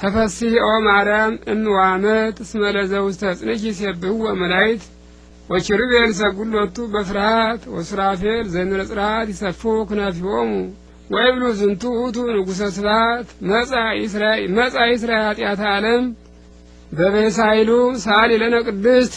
ተፈሲህ ኦ ማርያም እንዋመት እስመለዘው ተጽንኪ ሴብህወ መላይት ወኪሩቤል ሰጉሎቱ በፍርሃት ወሱራፌል ዘንረጽርሃት ይሰፉ ክናፊሆሙ ወይብሉ ዝንቱ ውእቱ ንጉሰ ስብሐት መጻ ይስራኤል ኃጢአተ ዓለም በበሳይሉ ሳሊ ለነ ቅድስት